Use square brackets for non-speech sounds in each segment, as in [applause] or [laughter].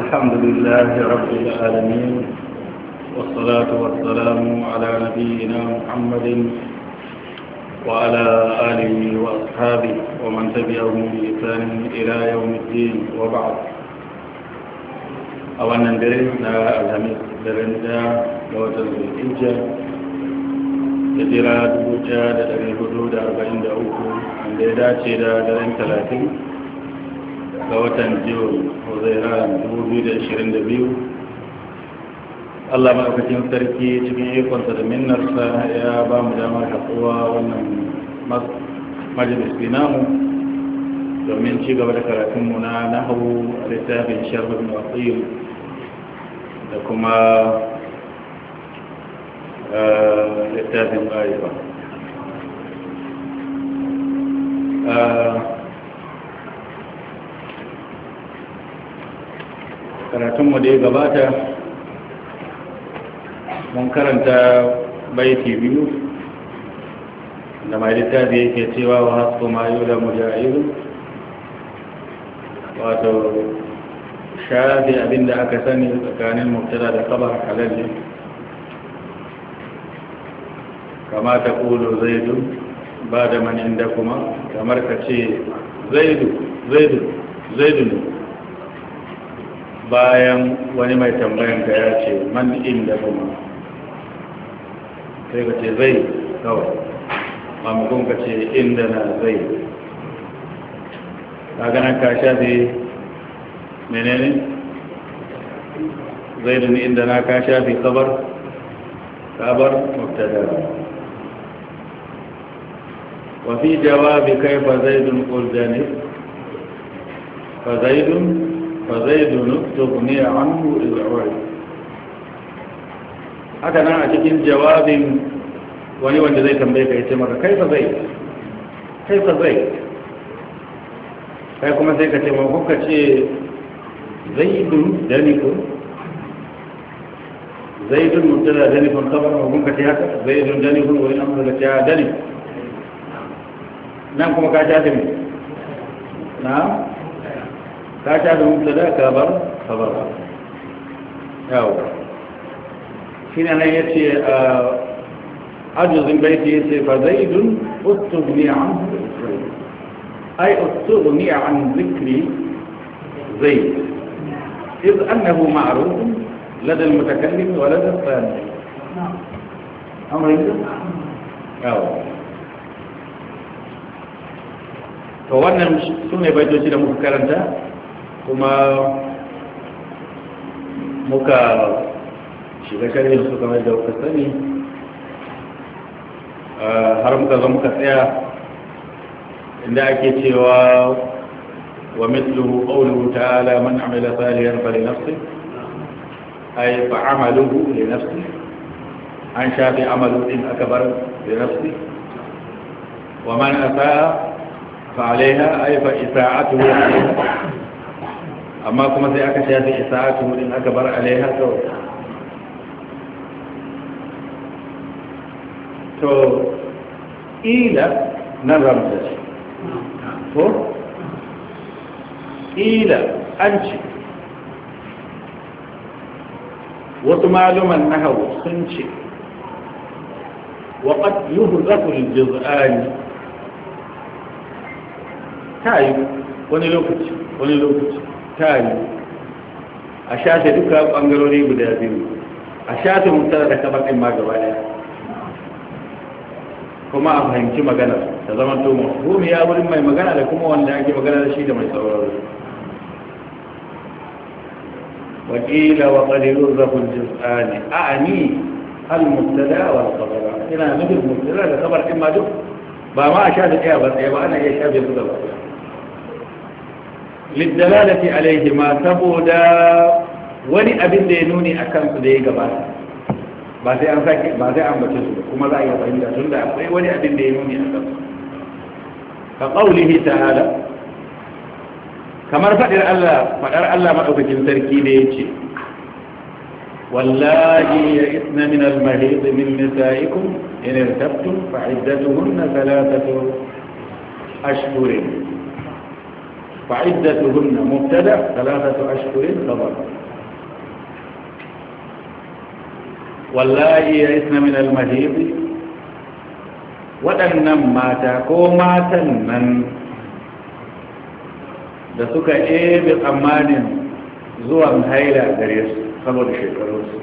الحمد لله رب العالمين والصلاة والسلام على نبينا محمد وعلى آله وأصحابه ومن تبعهم بإحسان إلى يوم الدين وبعد a wannan dare na alhamis daren da da watan zulhijja da jira 1443 wanda ya dace da daren talatin. ga watan jiyo ko zai ran 2022 Allah maɗaukacin sarki cikin ikonsa da minnarsa ya ba mu damar haɗuwa wannan majalis namu domin ci gaba da karatunmu na nahawu a littafin sharbin wasu da kuma eh, littafin ƙarifa karatunmu da ya gabata mun karanta baiti biyu da mai littafi yake cewa wa hasko mayu da mujahiru wato shafi abinda aka sani tsakanin murtala da kabar halalli kama ta kulo zaidu ba da manin da kuma kamar ka ce zaidu zaidu zaidu ne bayan wani mai tambayan ka ya ce man inda kuma sai ka ce zai kawai mamakon ka ce inda na zai ka gana ka shafi menene zai da ni inda na ka shafi kabar kabar mubtada وفي جواب kai Fazaidun قل ne, Fazaidun? فزيد تغني عنه العرب haka nan a cikin jawabin wani wanda zai tambaye ka yace maka kai fa zai kai fa zai kai kuma sai ka ce ma kuka ce zaidun dalikun zaidun mutala dalikun kabar ma kuka ce haka zaidun dalikun wani an kuka ce ah, dalikun nan kuma ka ta ta na فأجعل المبتدا كبر خبر أو حين أنا يأتي أجز آه، بيتي يأتي فزيد أتغني عن أي أتغني عن ذكر زيد إذ أنه معروف لدى المتكلم ولدى الثاني نعم. أمر أو فوانا سمي سنة بيتوشي لمفكرا ده kuma muka shiga shirin su kamar da kuka sani har muka zo muka tsaya inda ake cewa wa mitluhu qawluhu ta'ala man amila salihan fali nafsi ay fa amaluhu li nafsi an shafi amalu din akbar li nafsi wa man asaa fa alayha ay fa isaa'atuhu amma kuma sai aka shafi isa'atu wurin aka bar alaiha kawai to ila nan ramta ce ko ila an ce wasu maluman nahawu sun ce waƙat yuhu zafin jiz'ani ta yi wani lokaci wani lokaci Tani, a shafe duka bangarori guda biyu a shafe mutane da tabakin ma gaba ɗaya. kuma a fahimci magana ta zama tomo gumi ya wurin mai magana da kuma wanda ake magana da shi da mai sauraro wakila wa qalilun zafun juz'ani a'ani al a wasu kabara ina nufin mubtada da kabar ɗin ma duk ba ma a shafe ɗaya ba ɗaya ba ana iya shafe su gaba ɗaya للدلالة عليهما سبودا ولي أبن دينوني أكام تديه بعد بعد أن ذاك بعد أن بتشرب كما لا يطين لا جند أبوي ولي أبن دينوني أكام فقوله تعالى كما رفعت الله فقر الله ما أبوك تركي ليتي والله يئسن من المهيض من نسائكم إن ارتبتم فعدتهن ثلاثة أشهر فعدتهن مبتدا ثلاثة أشهر خبر واللائي يئسن من المهيض waɗannan mata ko matan nan da suka ebe tsammanin zuwan haila gare su saboda shekarunsu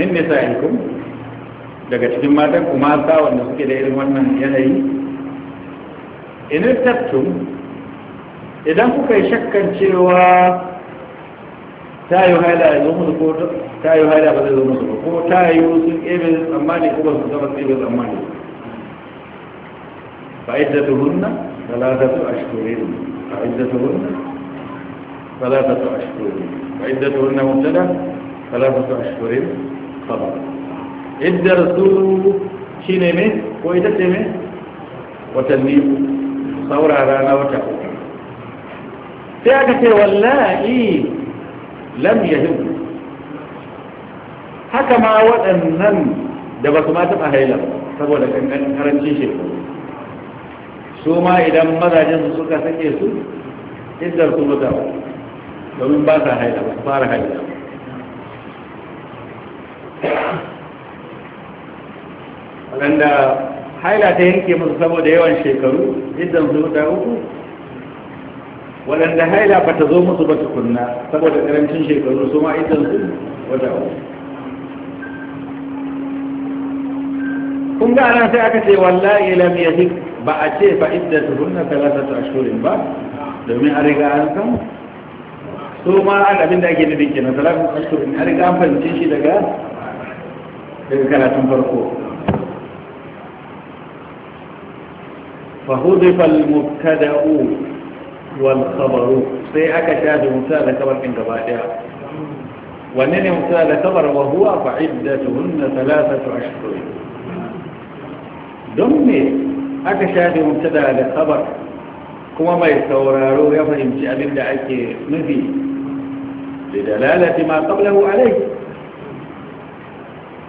min nisa'ikum daga cikin matan kuma sa wanda suke da irin wannan yanayi in tattum idan kuka yi shakkan cewa ta yi haila zo musu ko ta yi haila ba zai zo musu ko ta yi sun ƙebe tsammani ko ba su zama ƙebe tsammani fa'idatu hunna talatatu ashkurin fa'idatu hunna talatatu ashkurin fa'idatu hunna mubtada talatatu ashkurin khabar iddar su shine me ko ita ce me watanni saurara na wata uku sai aka ce wallahi lam yahim haka ma waɗannan da ba su ma taɓa haila saboda ƙanƙanin karancin shekaru su ma idan mazajen su suka sake su idan su mutu domin ba sa haila ba fara haila waɗanda haila ta yanke musu saboda yawan shekaru idan su mutu uku waɗanda haila ba ta zo musu ba tukunna saboda ƙarancin shekaru su ma idan su wata uku. kun ga ana sai aka ce wallahi lam yahik ba a ce fa idda tuhunna talatatu ashhurin ba domin an riga an san su ma an abin da ake nufi kenan talatatu ashhurin an riga an fahimce shi daga daga karatun farko فهدف المبتدأ Wan khabaru sai aka shafe musa da kabar din gaba daya ne musa da kabar wa huwa fa iddatuhunna don me aka shafe da kabar kuma mai sauraro ya fahimci abin da ake nufi da dalalati ma qablahu alai.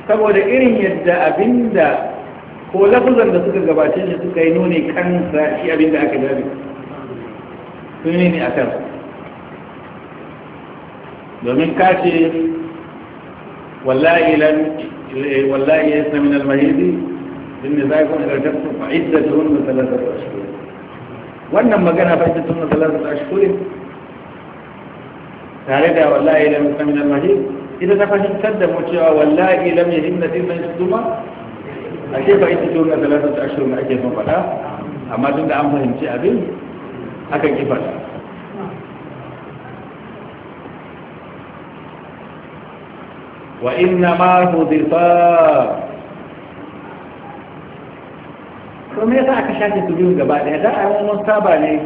saboda irin yadda da ko lafuzar da suka gabace shi suka yi nuni kansa shi abinda aka gabe sun yi ne a kan domin ka ce wallahi eh, wallahi ya sami almahidi din ne zai kuma ƙarfi su fa'idda su wani masalatar ashkuri wannan magana fa'idda su masalatar ashkuri tare da wallahi lam sami almahidi idan na fahimtar da mu cewa wallahi lam yahim na tilman shi duma ashe fa'idda su wani masalatar ashkuri ake son amma tun da an fahimci abin akan kifa wa inna ma hudifa kuma yasa aka shafe su biyu gaba daya da a mun saba ne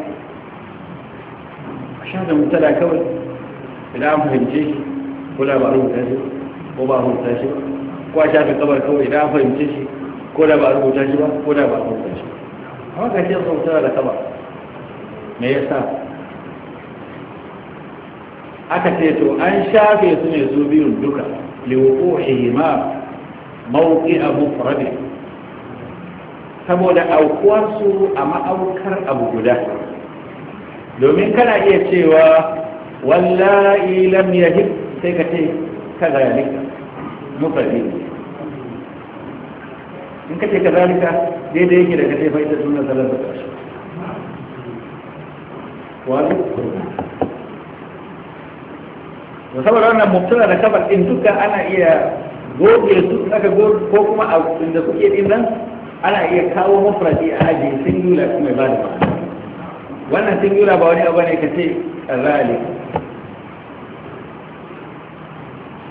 a shafe mutala kawai idan an fahimce shi ko da ba rubuta shi ko ba rubuta shi ba ko a shafe kabar kawai idan an fahimce shi ko da ba rubuta shi ba ko da ba rubuta shi amma ga shi sun tara da kabar me yasa aka ce to an shafe su ne su biyun duka liwuku hima mawuki abu furabe saboda su a ma'aukar abu guda domin kana iya cewa wallahi lam yahib sai ka ce ka zalika mufadi in ka ce ka daidai yake daga sai fa'ida suna zalar da ƙarshe wani da saboda wannan mubtada da kafar din duka ana iya goge su aka goge ko kuma a da kuke din nan ana iya kawo mafradi a aji singular kuma ba da wannan singular ba wani abu ne ka ce zalik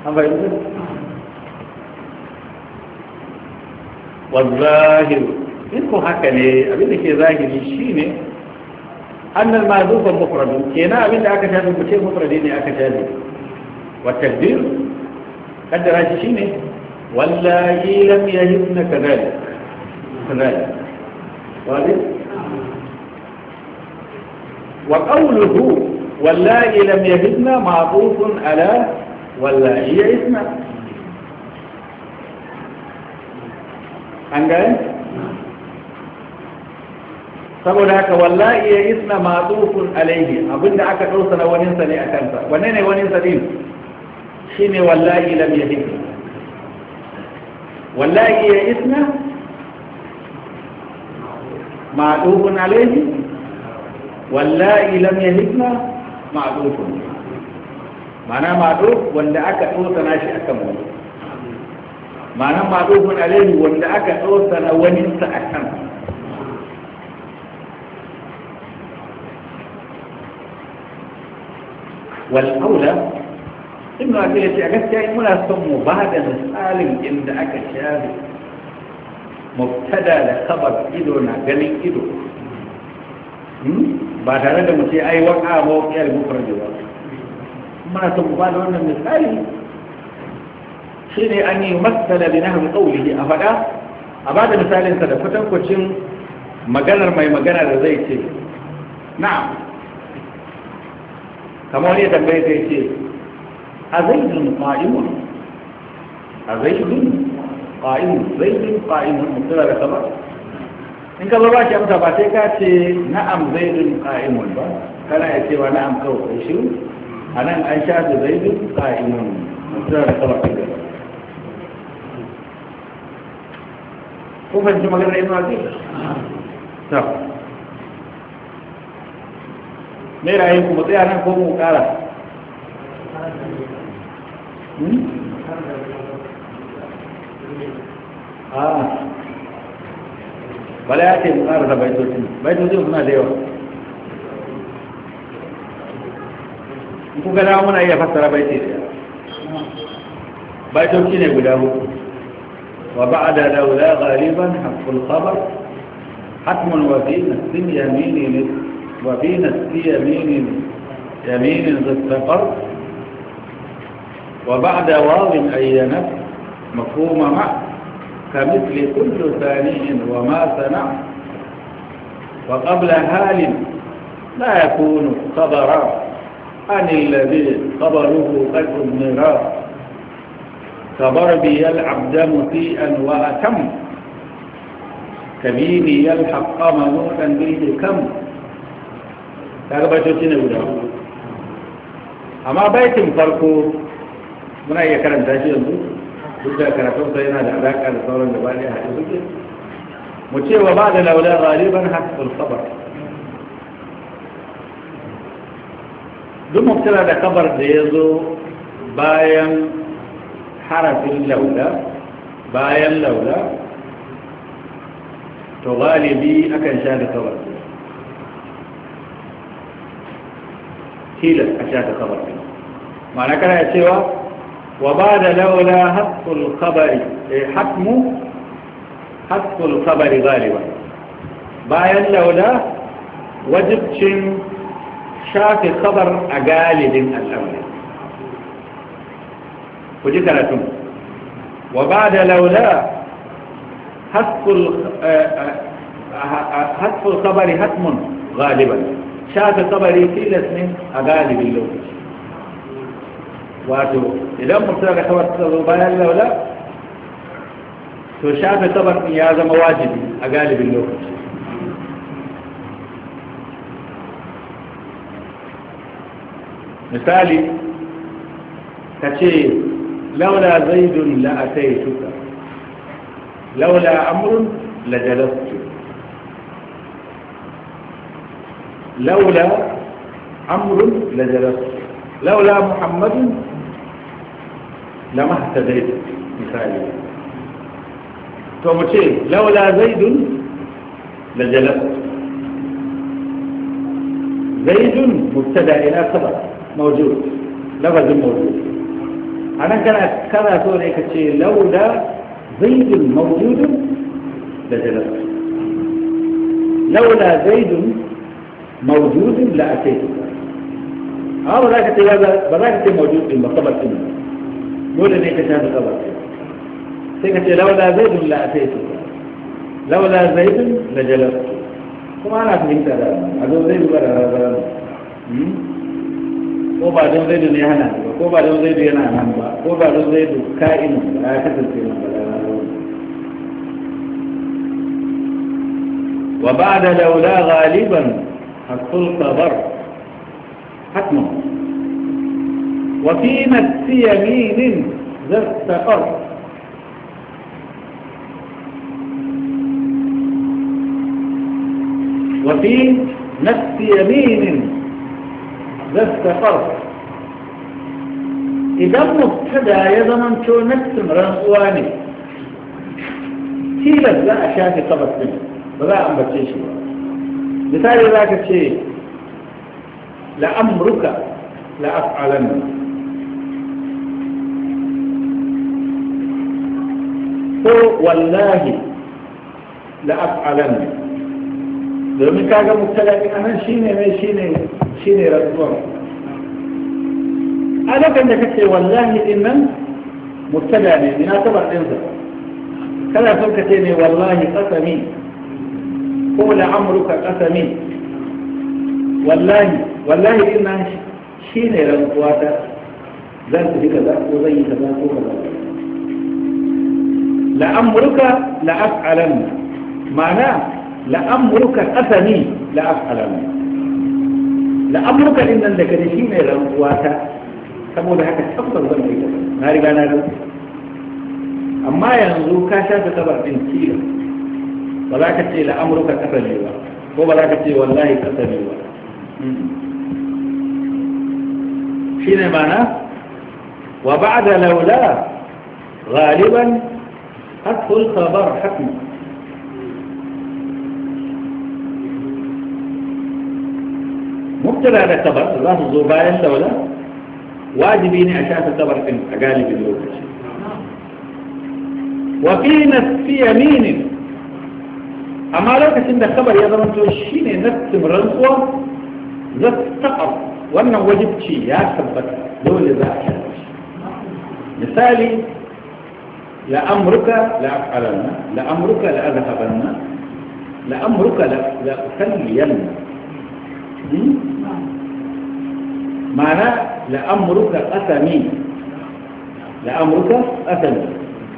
an fahimta والظاهر in ko haka ne abin da ke zahiri shine أن المعذوب مفرد كنا أبين أكا شاذي بشيء مفردين أكا شاذي والتقدير قد راجشيني واللائي لم يجبن كذلك كذلك واضح وقوله واللائي لم يجبن معطوف على واللائي يئسن أنجل saboda haka wallahi ya isna matsufun alaihi abinda aka ɗausa na wani sa ne a kansa wanne ne waninsa din shi ne wallahi lam ya hikma wallahi ya isna matsufun alaihi wallahi lam ya hikma matsufun mana matsuf wanda aka ɗausa na shi akan wani ma'anan matsufun alaihi wanda aka ɗausa na wani sa a kansa wal aula ibnu abi yace a gaskiya muna son mu ba da misalin inda aka share mubtada da khabar ido na ganin ido hmm? ba tare da mu ce ai waqa ba waqa al-mufrad ba muna son mu ba wannan misali shine an yi masala bi nahwi a faɗa, a bada misalinsa da kwatankwacin maganar mai magana da zai ce na. kamar ne tambaye sai ce a zaidun qa'imun a zaidun zai zaidun qa'imun mutsara da sama in ka ba shi amsa ba sai ka ce na'am zaidun qa'imun ba kana ya cewa na'am kawai shi a nan an sha da zaidun qa'imun mutsara da sama kan Kun ko fahimci maganar ibn aziz Mera rayu ku tsaya nan ko mu kara hmm? bala ya ce mu kara da baitocin baitocin suna da yawa ku gada muna iya fassara baiti da baitoci ne guda uku wa ba'da laula ghaliban haqqul khabar hatmun wa fi nasl وبين في يمين يمين ضد قرض وبعد واو أينت مفهوم مع كمثل كل ثاني وما صنع وقبل هال لا يكون خبرا عن الذي خبره قد أمرا كضربي بي العبد مسيئا وأتم كبيبي يلحق منوطا به كم kaga baitoci ne guda amma baitin farko muna iya karanta shi yanzu duk da karatun yana da alaƙa da sauran gaba ɗaya haɗe suke mu ce wa ba da laulan galiban haƙƙul sabar duk mubtala da kabar da ya zo bayan harafin laula bayan laula to galibi akan sha da kabar tilas a shafe kabari ma'ana kana cewa wa ba da laula haƙƙul kabari haƙmu haƙƙul kabari galiba bayan laula wajibcin shafe kabar a galibin al'amari ku ji karatun wa ba da laula haƙƙul kabari haƙmun galiban شاف الطبري كل اسمين أغالب اللغة واتو إذا مرتبك خبر الضباية لا ولا شاف الطبري هذا مواجد أغالب اللغة مثالي كشي لولا زيد لأتيتك لولا أمر لجلست لولا عمر لجلس لولا محمد لما اهتديت مثالي فمتشي لولا زيد لجلس زيد مبتدا الى خبر موجود لفظ موجود انا كان كذا تقول هيك شيء لولا زيد موجود لجلس لولا زيد موجود لأتيته آه، ها بذاك هذا بذاك موجود إلا طبق إلا مولى نيكة هذا سيكت سيكة لولا زيد لأتيته لولا زيد لجلست كما أنا أتمنى هذا هذا زيد ولا هذا ko ba don zaidu ne hana ba ko ba don zaidu yana nan ba ko ba don zaidu ka'in ba ya ba wa السلطة ضرب حتما وفي نفس يمين ذر سفر وفي نفس يمين ذر سفر إذا مبتدى يضمن شو نفس مرانواني كيف لا أشاهد قبط منه فلا عم بتشيش منه misali za ka ce la'amruka la'af'alan ko wallahi la'af'alan domin kaga mutalabi a nan shine mai shine shine rantsuwar a lokacin da kace wallahi din nan mutala ne ina tabar ɗinsa kana son ka ce ne wallahi kasami قول عمرك قسمي والله والله إن شين الأنقوات زل تلك ذاك وزي كذاك وكذا لأمرك لأفعلن معناه لأمرك قسمي لأفعلن لأمرك إن لك شين إلى الأنقوات تقول لك أفضل ذنبك ناري بانا أما ينزو كاشا تتبع بنتيجة ولا كتي لأمرك كفلي ولا كتي والله كفلي ولا شين معنى وبعد لولا غالبا أدخل خبر حكم مبتلى لتبر الله الزبايا لولا واجبين عشان تبر في أقالب الوقت وفي نفس يمين amma lokacin da kabar ya zama to shi ne nassin rantsuwa za ta wannan wajibci ya tabbata dole za a kyara shi misali la amurka la afalanna la amurka la azhabanna la amurka la usalliyanna ma'ana la amurka asami la amurka asami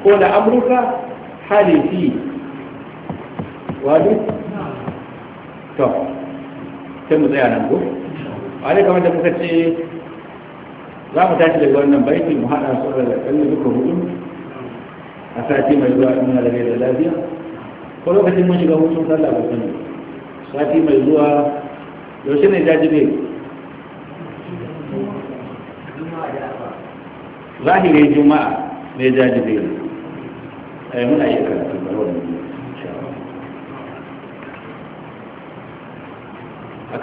ko la amurka halifi wani to sai mu tsaya nan ko a dai kamar da muka ce za mu tashi daga wannan baiti mu haɗa su da kalli duka hudu a sati mai zuwa in da da lafiya ko lokacin mun shiga hutun sallah ba sani sati mai zuwa yaushe ne jajibe zahirin juma'a ne jajibe ne eh, muna iya karatu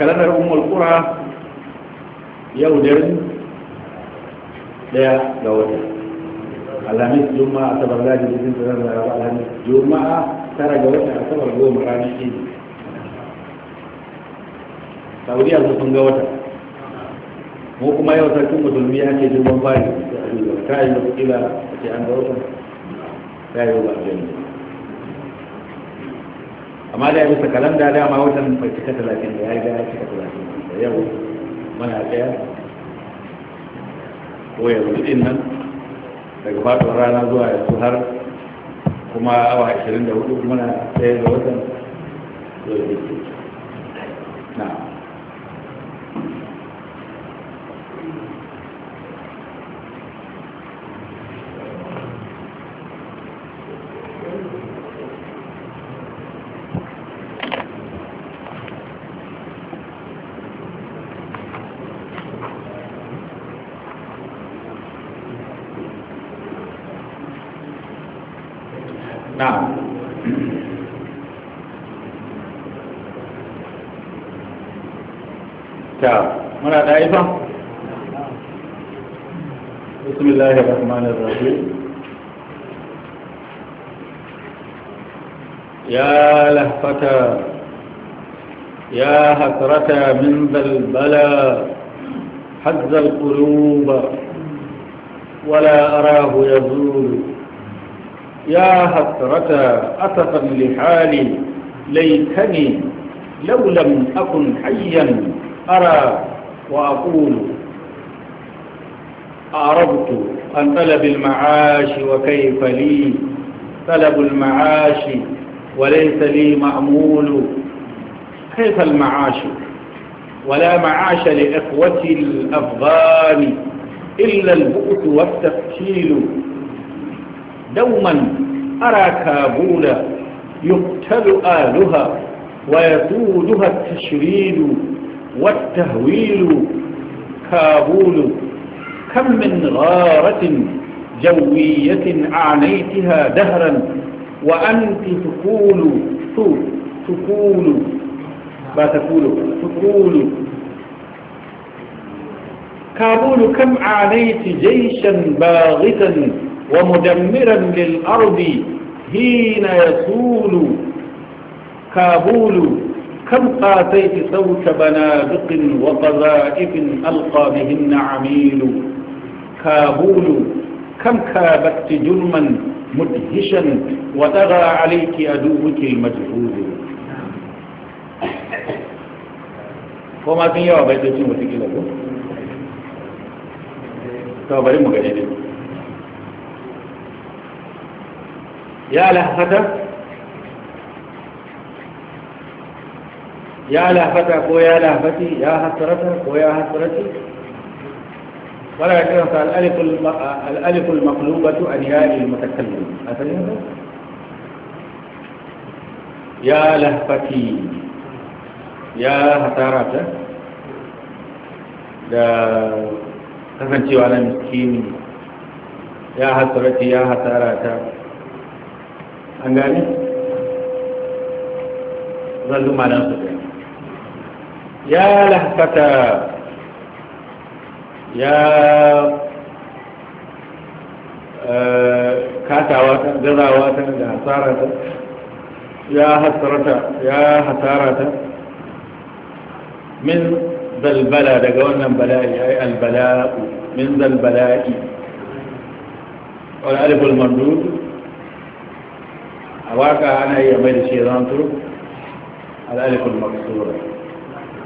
Kalanar umar kura yau da daya ga wata alhamis juma'a asabar gaji da jin tsarar da alhamis juma'a tara ga wata asabar goma ranar shi saudiya su sun ga wata mu kuma yau sarkin musulmi ya ce jirgin fari ta yi da kila a ce an ga wata ta yi ba a amma da ya bisa kalanda dama watan mai cika talatin da ya yi ya cika talatin da yau mana ɗaya ko ya zuɗin nan daga faɗuwar rana zuwa yanzu har kuma awa 24 muna ɗaya da watan zuwa نعم تا مرا دائفا بسم الله الرحمن الرحيم يا لهفة يا حسرة من ذا البلاء حز القلوب ولا أراه يزول يا حسرة أسفا لحالي ليتني لو لم أكن حيا أرى وأقول أعرضت عن طلب المعاش وكيف لي طلب المعاش وليس لي مأمول كيف المعاش ولا معاش لإخوتي الأفغان إلا البؤس والتفكيل دوما أرى كابولا يقتل آلها ويسودها التشريد والتهويل كابول كم من غارة جوية أعنيتها دهرا وأنت تقول تقول ما تقول تقول كابول كم عانيت جيشا باغتا ومدمرا للأرض حين يسول كابول كم قاتيت صوت بنادق وقذائف ألقى بهن عميل كابول كم كابت جرما مدهشا وتغى عليك أدوك المجهول ko ma sun yawa bai tsoci mutu يا لهفة يا لهفة كو يا لهفتي يا حسرة كو يا حسرتي ولا يكرس الألف الألف المقلوبة عن يا المتكلم يا لهفتي يا حسرة دا كفنتي وانا مسكين يا حسرتي يا hasarata an gane zan zuma nan su gani ya lahkata ya katawa ta gazawa ta da hasara ta ya hasarata ya hasara ta min zalbala daga wannan bala'i ai albala'u min zalbala'i wal alif al mandud a waka ana iya mai da shi zanto al'alifin maksura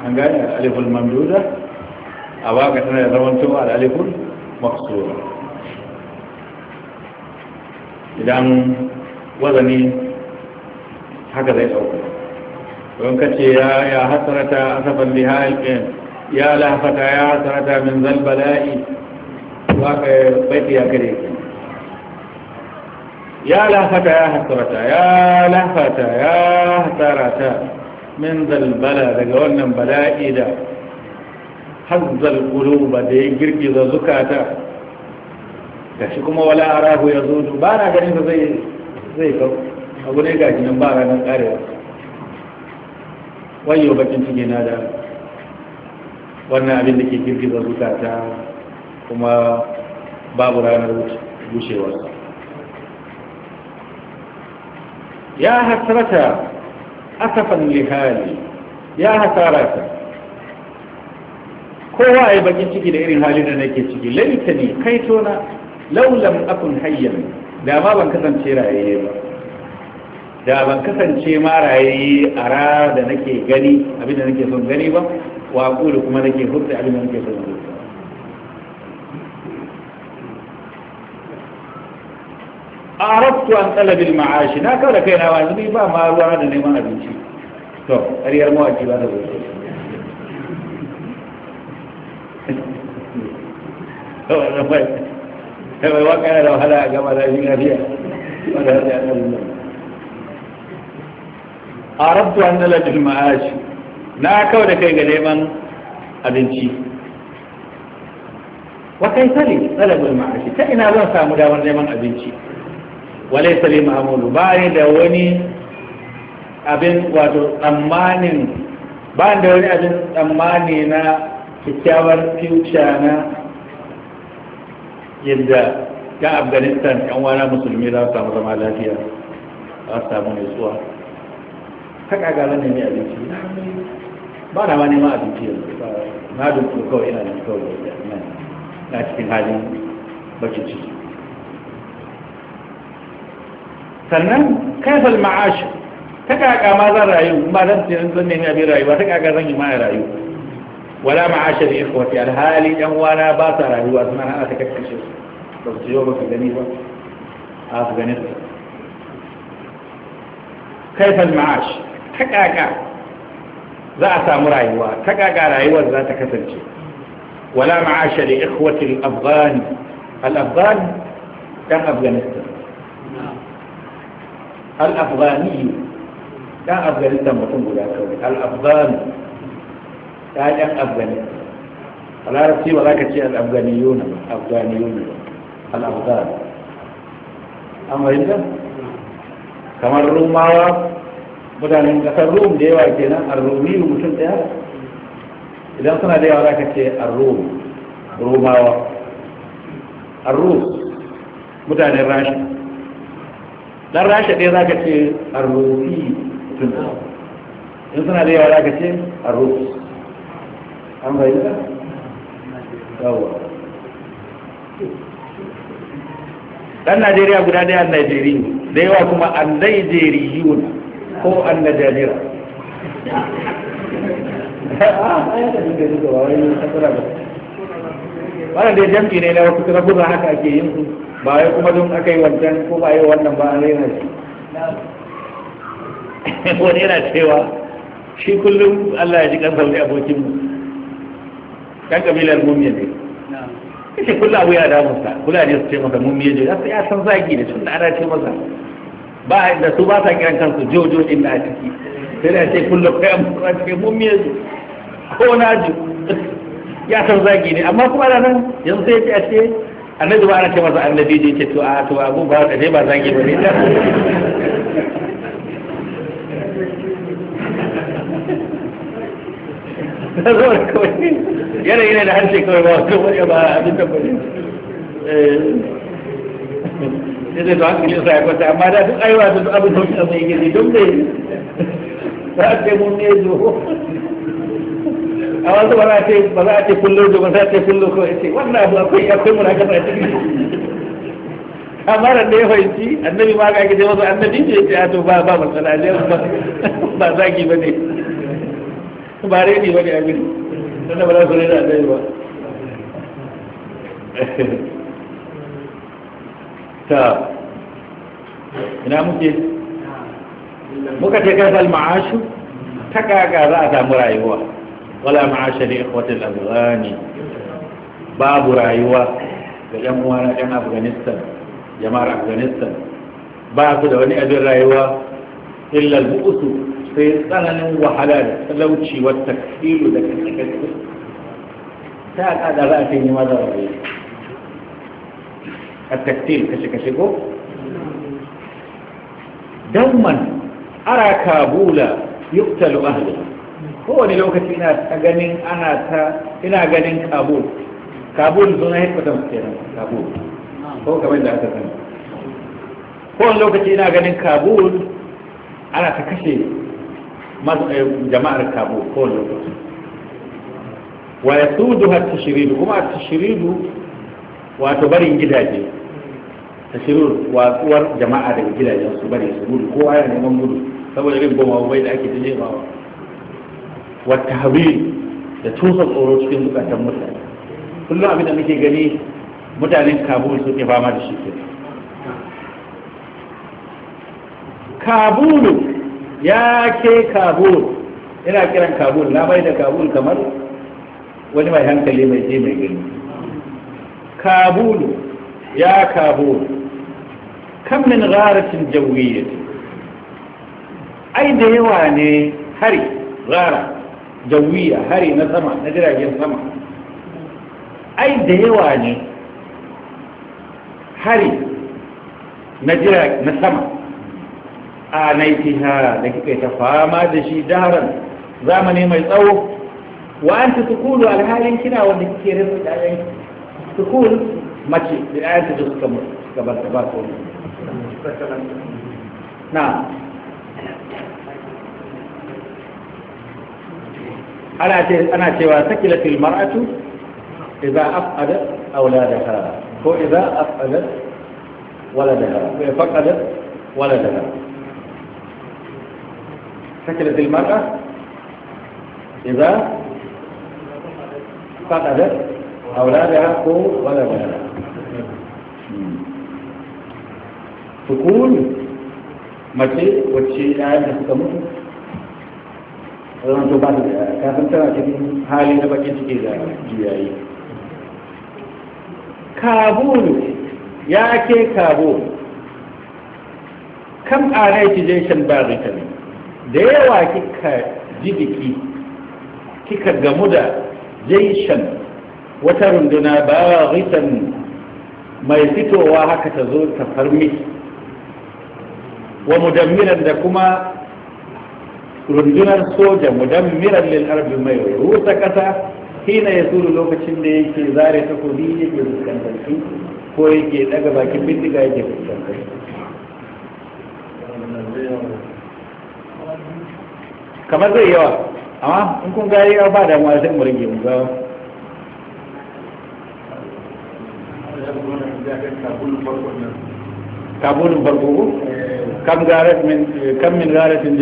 an gane al'alifin mamduda a waka tana zamanto al'alifin maksura idan wazani haka zai ɗauka don kace ya hasarata asafan biha alƙin ya lahafata ya hasarata min zalbala'i waka baiti ya kare ya lafata ya hasarata ya lafata ya hasarata min zalbala daga wannan bala'i da hazzal quluba da ya girgiza zukata shi kuma wala arahu ya zo ba na ganin da zai zai kau abu ne gashi nan ba ranar karewa wayo bakin ciki na da wannan abin da ke girgiza zukata kuma babu ranar wucewarsa ya hasrata asafan lihali ya hasarata kowa ai bakin ciki da irin halin da nake ciki laita ne kai tona laulan akun hayyan da ma ban kasance rayaye ba da ban kasance ma rayaye a ra da nake gani abinda nake son gani ba wa kuma nake hurta abinda nake son gani. a arabtu an talabin ma'ashi na kawo da kai na wani ba ma ruwa da neman abinci to ƙaryar mawaki ba da zai kawai waka yana da wahala a gama zafin lafiya wanda har da an talabin ma'ashi na kawo da kai ga neman abinci wa kai tali talabin ma'ashi ta ina zan samu damar neman abinci walai salim amulu ba ni da wani abin wato tsammanin ba da wani abin tsammani na kyakkyawar future na yadda ga afghanistan yan wana musulmi za su samu zama lafiya za su samu nutsuwa ta kagala ne mai abinci ba na ma neman abinci yanzu na dukkan kawai ina da kawai na cikin halin bakin ciki sannan kasal ma'ash ta kaka ma zan rayu ba zan ce zan nemi abin rayuwa ta kaka zan yi ma rayu wala ma'ash da ikhwati alhali dan wana ba ta rayuwa suna hana ta kakkashe su ba su yau ba gani ba a su gani su kaifal ma'ash ta kaka za a samu rayuwa ta kaka rayuwar za ta kasance wala ma'ash da ikhwati al-afghani al-afghani dan afghanistan al-afghani dan afghanistan mutum guda kawai al-afghani ta yan afghanistan a larabci ba za ka ce al-afghaniyuna ba afghaniyuna ba al-afghani an fahimta kamar rumawa mutanen ƙasar rum da yawa ke nan, ar-rumi mutum daya idan suna da yawa za ka ce ar-rum rumawa ar-rus mutanen rashin dan rasha dai za ka ce a tunawa tun in suna da yawa za ka ce a rufi an bayyana yawa dan najeriya guda ɗaya an najeriya da yawa kuma an najeriya ko an najeriya a [laughs] ya ah, tafi da duka ba wani kasara ba wannan dai jamfi ne na wasu rabuza haka ake yin su ba wai kuma don aka yi wancan ko ba yi wannan ba an raina shi [laughs] wani yana cewa shi kullum Allah ya ji kan sauri abokin mu kan kabilar mumiya ne shi kullum abu ya damu sa kula ne su ce masa mumiya ne za ya san zagi da tun da ana ce masa ba da su ba sa kiran kansu jojo din da a ciki sai da ce kullum kai amma ce mumiya ne ko na ji ya san zagi ne amma kuma da nan yanzu sai ya ce annabi ba ana ce masa annabi ne ce to a ah, to abu ba da dai ba zagi ba ne ta zo da kawai yanayi ne da harshe kawai ba wato wani ba abin da kwanye eh, sai zai zuwa hankali sa ya kwata amma da duk aiwa da duk abin da wani abin yake ne don bai za a ce mun ne zo a wasu ba za a ce ba za a ce kullu za a ce kullu ko ce wannan abu akwai akwai a ciki. amma da ya fahimci annabi ma ga annabi ne ya to ba ba ne ba zaki ba ne ba ba ne ba za su annabi ba [laughs] ta ina muke muka ce kasal maashu ta kaga za a samu rayuwa ولا معاش لإخوة الأفغاني باب رايوة كان وانا كان أفغانستان جمار أفغانستان باب دواني أبي رايوة إلا البؤس سيطلن وحلال سلوشي والتكفيل ذاك التكفيل ساعد هذا رأتي لماذا رأيه التكفيل كشي كشي كو دوما أرى كابولا يقتل أهله kowane lokaci ina ta ganin ana ta ina ganin kabul kabul suna headquarters kenan kabul ko kamar da aka sani kowane lokaci ina ganin kabul ana ta kashe eh, jama'ar kabul kowane lokaci wa ya tudu har tashiridu kuma tashiridu wato barin gidaje tashirur watsuwar jama'a daga gidajen su bari su gudu kowa yana neman gudu saboda rin goma bai da ake ta jefawa Wata tahwil da tusa tsoro cikin bukatan mutane kullum abin da muke gani mutanen kabul suke fama da shi ke kabulu ya ke kabul ina kiran kabul na bai da kabul kamar wani mai hankali mai je mai gani kabulu ya kabul kam min gharatin jawiyyatin ai da yawa ne hari gara jawiya hari na sama na jiragen sama ai da yawa ne hari na jiragen na sama a hara da kika ta fama da shi daren zamani mai tsawo wa an ta tukulu alhalin kina wanda kike rufe ɗayan tukul mace da ɗayan ta suka bar ta ba su na ana cewa sakilatil mar'atu idza afqadat auladaha ko idza afqadat waladaha ko faqadat waladaha sakilatil mar'a idza faqadat auladaha ko waladaha sukun mace wacce ya da suka mutu zama to ba da kafin tana cikin hali na bakin ciki da juyayi kabul ya ke kabul kam araiti jaishan baritani da yawa kika jibiki kika gamu da jaishan wata runduna baritan mai fitowa haka ta zo ta farmi wa mudammiran da kuma rundunar soja mudammiran lil arbi mai rusa kasa hina ya suru lokacin da yake zare takobi yake fuskantar shi ko yake daga bakin bindiga yake fuskantar kamar zai yawa amma in kun gari yawa ba damuwa sai mu rage mu gawa kabulun farko eh. kam min kam min garatin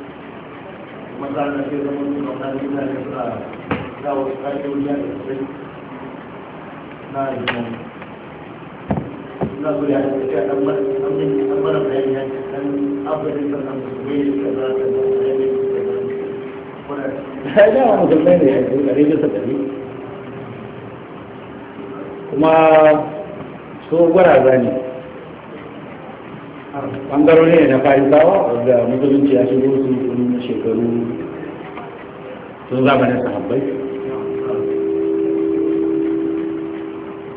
مثلا كده ممكن مثلا كده يطلع لو اتكلم يعني لا يعني لا أقول يعني كده أما أما أما أنا بعيد يعني أنا أبغى مثلا مسؤول كذا كذا كذا لا هو مسلمان يعني غريب صدقني kuma tsohuwar a zane ɓangarori ne na farisawa wanda musulunci ya shigo su kun shekaru sun zamanin sahabbai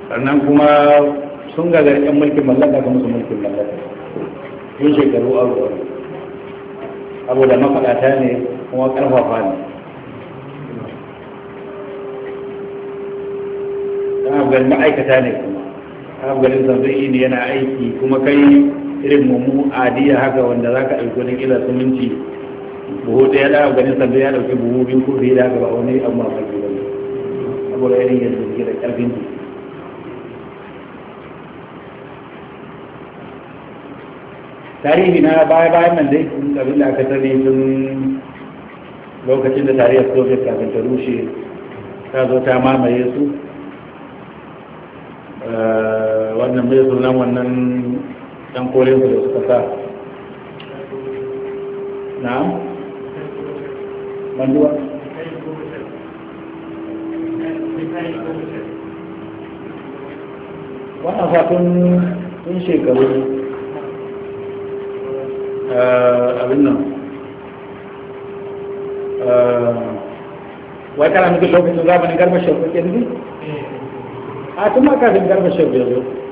sannan kuma sun gagar yan mulkin mallaka kuma su mulkin mallaka yin shekaru aro Abu da mafaɗata ne kuma ƙarfafa ne ta afgan ma'aikata ne kuma abu zai ne yana aiki kuma kai irin mummu adiya haka wanda za ka aiko wani kila suminci buhu ɗaya da ganin sanda ya ɗauki buhu biyu ko biyu da haka ba wani abu ma farki ba saboda irin yadda suke da ƙarfin ji tarihi na baya bayan nan dai abin da aka sani tun lokacin da a soviet kafin ta rushe ta zo ta mamaye su eh, wannan mai sunan wannan ɗan kore su da suka sa na banduwa wannan fatun shekaru eh, abin nan eh, wai kana nufin lokacin zamanin garba ke nufi eh. a tun ma garba shirka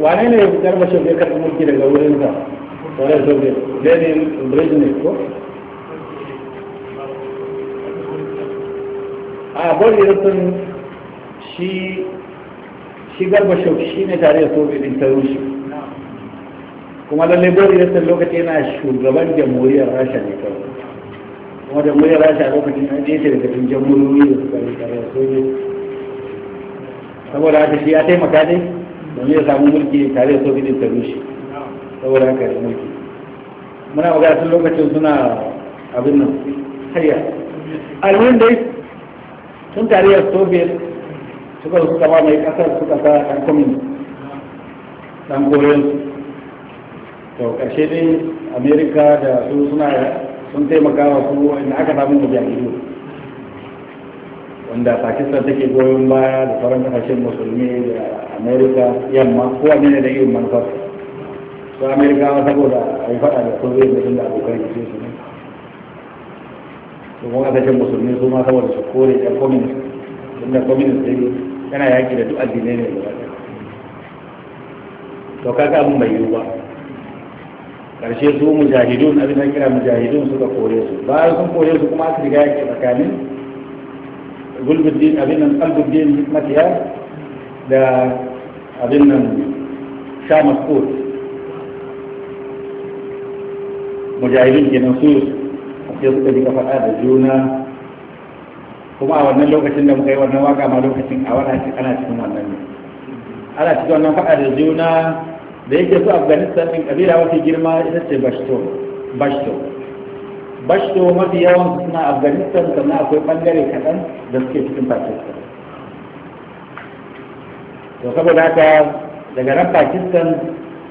wane ne garbashin ya karɓi mulki daga wurin sa wane soviet lenin ne ko a bori rufin shi shi garbashin shi ne tare da soviet din ta rushe kuma lallai bori rufin lokaci yana shugaban jamhuriyar rasha ne kawai kuma jamhuriyar rasha lokacin an ce daga cikin jamhuriyoyi da suka yi tare da soviet saboda haka shi ya taimaka dai domin ya samu mulki tare da sojojin ta rushe saboda haka ya mulki muna magana tun lokacin suna abin nan hayya alwin dai tun da soviet suka su kama mai kasar suka sa ɗan kwamin ɗan koyon to ƙarshe dai amerika da su suna sun taimaka wa su inda aka samu mujahidu wanda pakistan take goyon baya da faransa kasashen musulmi da amerika yamma a nuna da irin manufarsa su amerikawa saboda a yi faɗa da soviet da abokan yi su ne su kuma kasashen musulmi su ma saboda su kore ɗan communist inda communist ne yana yaƙi da duk addinai ne da to kaga abin bai yiwu ba karshe su mujahidun abin da kira mujahidun suka kore su bayan sun kore su kuma aka riga yake tsakanin gulbuddin abin nan qalbuddin hikmatiya da abin nan sha maskot mujahidin kenan su ya suka jika faɗa da juna kuma a wannan lokacin da muka yi wannan waka ma lokacin a wani cikin ana cikin wannan ne ana cikin wannan faɗa da juna da yake su afghanistan ɗin ƙabila wata girma ita ce bashto bashto bashto mafi yawan suna afghanistan sannan akwai ɓangare kaɗan da suke cikin pakistan to saboda haka daga nan pakistan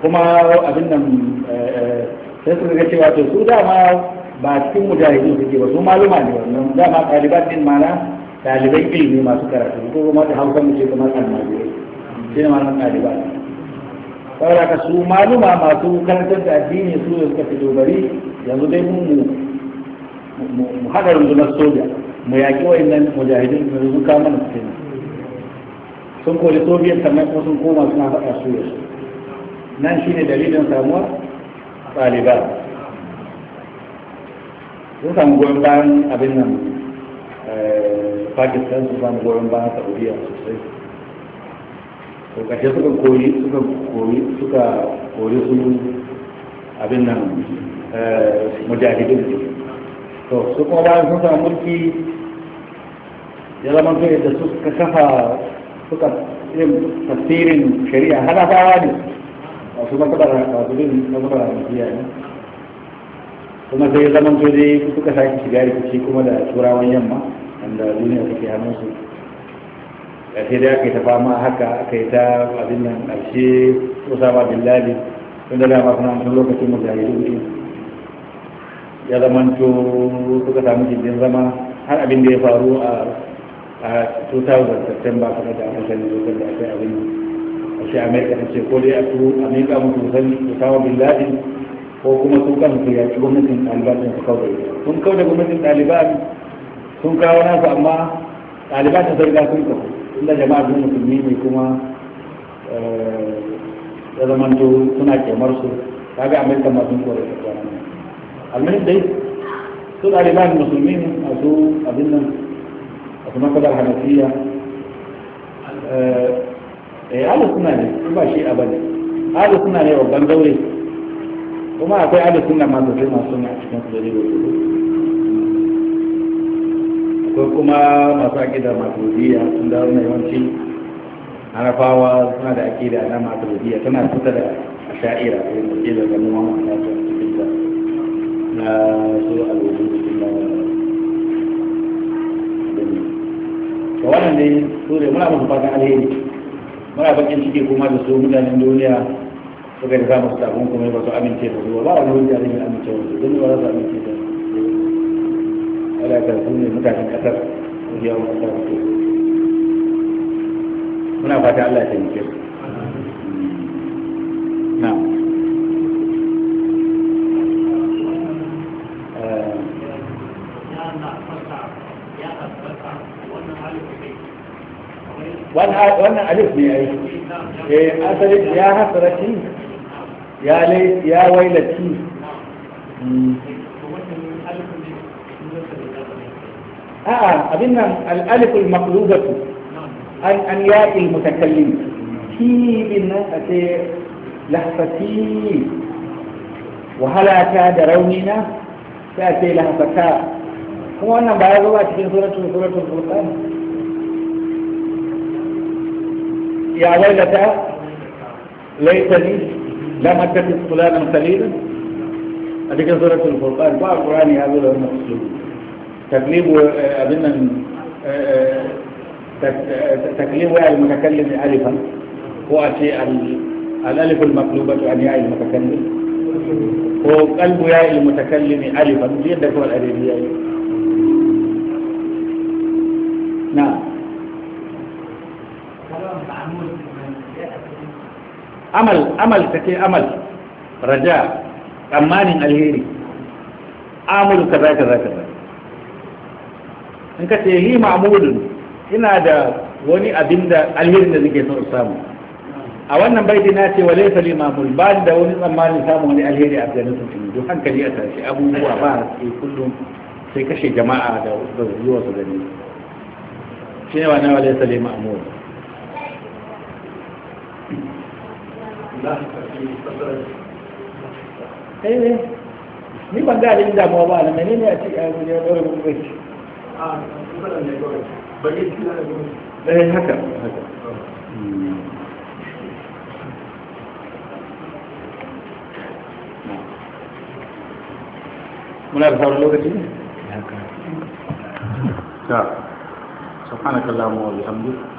kuma abin nan eh, eh, sai suka ga cewa to su dama ba cikin mujahidin suke ba su maluma ne wannan dama ɗaliban din mana ɗalibai ilimi masu karatu ko kuma da hausa mu ce kamar almajirai shi ne malaman ɗaliban saboda haka su maluma masu karantar da addini su da suka fito bari yanzu dai mun mu hadarin rundunar soja mu yaƙi nan mujahidin da kama mana su kenan sun koli soviet sannan kuma sun koma suna faɗa su yau nan shi ne dalilin samuwar ɗaliban sun samu goyon bayan abin nan eh, pakistan sun samu goyon bayan saudiya sosai to ƙarshe suka koyi suka koyi suka koyi su abin nan eh, mujahidin to su kuma bayan sun samu mulki ya zama da su suka kafa suka yin tasirin shari'a halafawa ne Wasu matsalar na bin matsalar hanafiya ne kuma sai zaman soje suka sake shiga rikici kuma da turawan yamma wanda duniya suke hannun su ya sai dai aka yi ta fama haka aka yi ta abin nan ƙarshe usama bin laden tun da dama suna mutum lokacin mujahidu ne ya zamanto suka samu jirgin zama har abin da ya faru a a 2000 september kuma da aka sani lokacin da aka yi abin a shi amerika ta ce ko dai a turu a amerika mutum sani su kawo bin ladin ko kuma sun kan su ya ci gwamnatin ɗaliban sun su kawo sun kawo da gwamnatin ɗaliban sun kawo nasu amma ɗaliban ta zarga sun kawo inda jama'a sun musulmi ne kuma eh, ya zamanto suna kemar su kaga amerika ma sun kore su kwanan almin dai su ɗaliban musulmi ne a su abin nan wasu matsalar hanafiya eh, eh ahlu suna ne ba shi a bane ahlu sunna ne babban zaure kuma akwai ahlu sunna ma da sai masu sunna a cikin su da rigo akwai kuma masu akida maturidiya sun dawo na yawanci harafawa suna da akida na maturidiya tana kusa da asha'ira a yanzu da ganin wani na su alwudu cikin da wannan dai su ne muna musu fatan alheri muna bakin ciki kuma da su mutanen duniya suka yi samun sabon kuma ba su amince da su ba wani wanda zai amince da su don ba za su amince da su ala ka su ne mutanen kasar yawon kasar su muna fata Allah ya taimake su na'am wannan alif ne ai eh asali ya hasarati ya lai ya wailati hmm. a'a abin nan al-alif an an ya'i al-mutakallim fi bin nan ate lahfati wahalata da raunina sai ate lahfata kuma wannan ba ya zo cikin يا ويلتا ليتني لم أتخذ فلانا خليلا هذه سورة الفرقان بعض القرآن هذول هم أسلوب تكليب أبنا آه، آه، تكليم المتكلم ألفا هو شيء الألف المقلوبة عن يعي المتكلم هو قلب يعي المتكلم ألفا جدا هو الأدبية نعم amal amal take amal raja tsammanin alheri amul ka zaka zaka in ka ce yi ma'mudun ina da wani abin da alherin da nake so samu a wannan baiti na ce wale fali ma'amul ba da wani tsammanin samun wani alheri a sun tuni don hankali a tashi abubuwa ba a tsaye kullum sai kashe jama'a da wasu da su gani shi ne wa na wale fali mamul eh ni ban ga da damuwa ba na menene a ce ayi ah, ne dole ku bai a ne dole ba ne kila da dole eh haka haka muna da sauran lokaci ne ta subhanakallahumma wa bihamdika